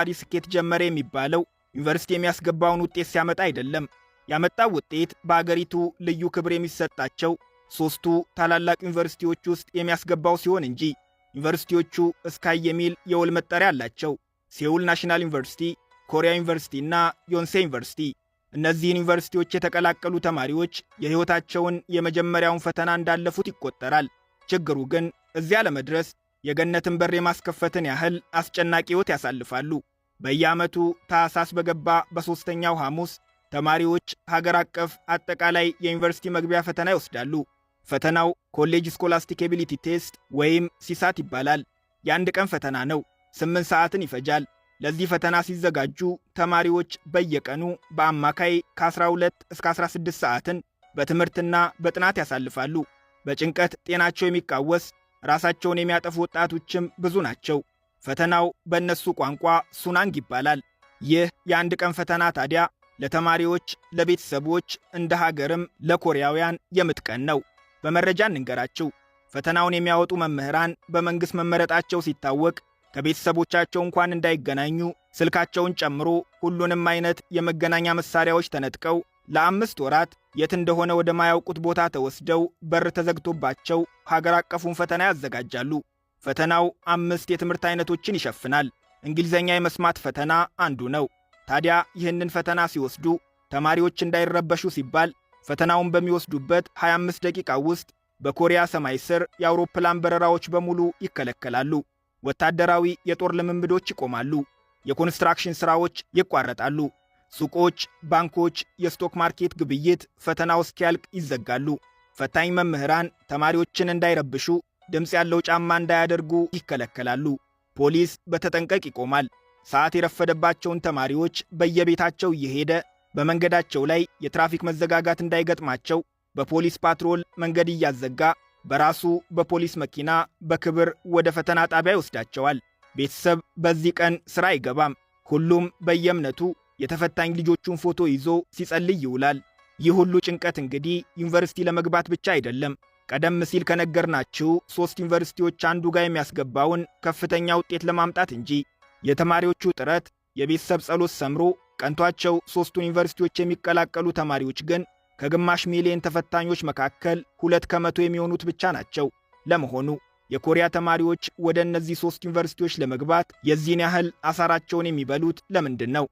አዲስ ስኬት ጀመረ የሚባለው ዩኒቨርሲቲ የሚያስገባውን ውጤት ሲያመጣ አይደለም። ያመጣው ውጤት በአገሪቱ ልዩ ክብር የሚሰጣቸው ሦስቱ ታላላቅ ዩኒቨርሲቲዎች ውስጥ የሚያስገባው ሲሆን እንጂ ዩኒቨርሲቲዎቹ እስካይ የሚል የውል መጠሪያ አላቸው። ሴውል ናሽናል ዩኒቨርሲቲ፣ ኮሪያ ዩኒቨርሲቲ እና ዮንሴ ዩኒቨርሲቲ። እነዚህን ዩኒቨርሲቲዎች የተቀላቀሉ ተማሪዎች የሕይወታቸውን የመጀመሪያውን ፈተና እንዳለፉት ይቆጠራል። ችግሩ ግን እዚያ ለመድረስ የገነትን በር የማስከፈትን ያህል አስጨናቂ ሕይወት ያሳልፋሉ። በየዓመቱ ታኅሳስ በገባ በሦስተኛው ሐሙስ ተማሪዎች ሀገር አቀፍ አጠቃላይ የዩኒቨርሲቲ መግቢያ ፈተና ይወስዳሉ። ፈተናው ኮሌጅ ስኮላስቲክ ኤቢሊቲ ቴስት ወይም ሲሳት ይባላል። የአንድ ቀን ፈተና ነው። ስምንት ሰዓትን ይፈጃል። ለዚህ ፈተና ሲዘጋጁ ተማሪዎች በየቀኑ በአማካይ ከ12 እስከ 16 ሰዓትን በትምህርትና በጥናት ያሳልፋሉ። በጭንቀት ጤናቸው የሚቃወስ ራሳቸውን የሚያጠፉ ወጣቶችም ብዙ ናቸው። ፈተናው በእነሱ ቋንቋ ሱናንግ ይባላል። ይህ የአንድ ቀን ፈተና ታዲያ ለተማሪዎች፣ ለቤተሰቦች፣ እንደ ሀገርም ለኮሪያውያን የምትቀን ነው። በመረጃ እንንገራችሁ። ፈተናውን የሚያወጡ መምህራን በመንግሥት መመረጣቸው ሲታወቅ ከቤተሰቦቻቸው እንኳን እንዳይገናኙ ስልካቸውን ጨምሮ ሁሉንም አይነት የመገናኛ መሳሪያዎች ተነጥቀው ለአምስት ወራት የት እንደሆነ ወደ ማያውቁት ቦታ ተወስደው በር ተዘግቶባቸው ሀገር አቀፉን ፈተና ያዘጋጃሉ። ፈተናው አምስት የትምህርት አይነቶችን ይሸፍናል። እንግሊዝኛ የመስማት ፈተና አንዱ ነው። ታዲያ ይህንን ፈተና ሲወስዱ ተማሪዎች እንዳይረበሹ ሲባል ፈተናውን በሚወስዱበት 25 ደቂቃ ውስጥ በኮሪያ ሰማይ ስር የአውሮፕላን በረራዎች በሙሉ ይከለከላሉ። ወታደራዊ የጦር ልምምዶች ይቆማሉ። የኮንስትራክሽን ሥራዎች ይቋረጣሉ። ሱቆች፣ ባንኮች፣ የስቶክ ማርኬት ግብይት ፈተናው እስኪያልቅ ይዘጋሉ። ፈታኝ መምህራን ተማሪዎችን እንዳይረብሹ፣ ድምፅ ያለው ጫማ እንዳያደርጉ ይከለከላሉ። ፖሊስ በተጠንቀቅ ይቆማል። ሰዓት የረፈደባቸውን ተማሪዎች በየቤታቸው እየሄደ በመንገዳቸው ላይ የትራፊክ መዘጋጋት እንዳይገጥማቸው በፖሊስ ፓትሮል መንገድ እያዘጋ በራሱ በፖሊስ መኪና በክብር ወደ ፈተና ጣቢያ ይወስዳቸዋል። ቤተሰብ በዚህ ቀን ሥራ አይገባም። ሁሉም በየእምነቱ የተፈታኝ ልጆቹን ፎቶ ይዞ ሲጸልይ ይውላል። ይህ ሁሉ ጭንቀት እንግዲህ ዩኒቨርሲቲ ለመግባት ብቻ አይደለም። ቀደም ሲል ከነገርናችሁ ሦስት ዩኒቨርሲቲዎች አንዱ ጋር የሚያስገባውን ከፍተኛ ውጤት ለማምጣት እንጂ። የተማሪዎቹ ጥረት፣ የቤተሰብ ጸሎት ሰምሮ ቀንቷቸው ሦስቱን ዩኒቨርሲቲዎች የሚቀላቀሉ ተማሪዎች ግን ከግማሽ ሚሊዮን ተፈታኞች መካከል ሁለት ከመቶ የሚሆኑት ብቻ ናቸው። ለመሆኑ የኮሪያ ተማሪዎች ወደ እነዚህ ሦስት ዩኒቨርሲቲዎች ለመግባት የዚህን ያህል አሳራቸውን የሚበሉት ለምንድን ነው?